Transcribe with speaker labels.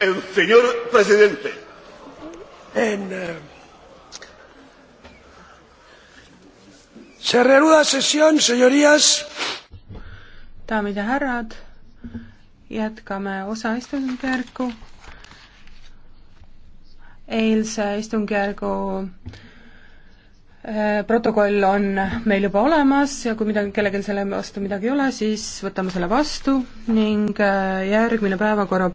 Speaker 1: El señor presidente.
Speaker 2: En, eh, se reanuda sesión, señorías.
Speaker 3: daamid ja härrad, jätkame osa istungjärku. eilse istungjärgu Äh, protokoll on meil juba olemas ja kui midagi, kellelgi selle vastu midagi ei ole, siis võtame selle vastu ning äh, järgmine päevakorra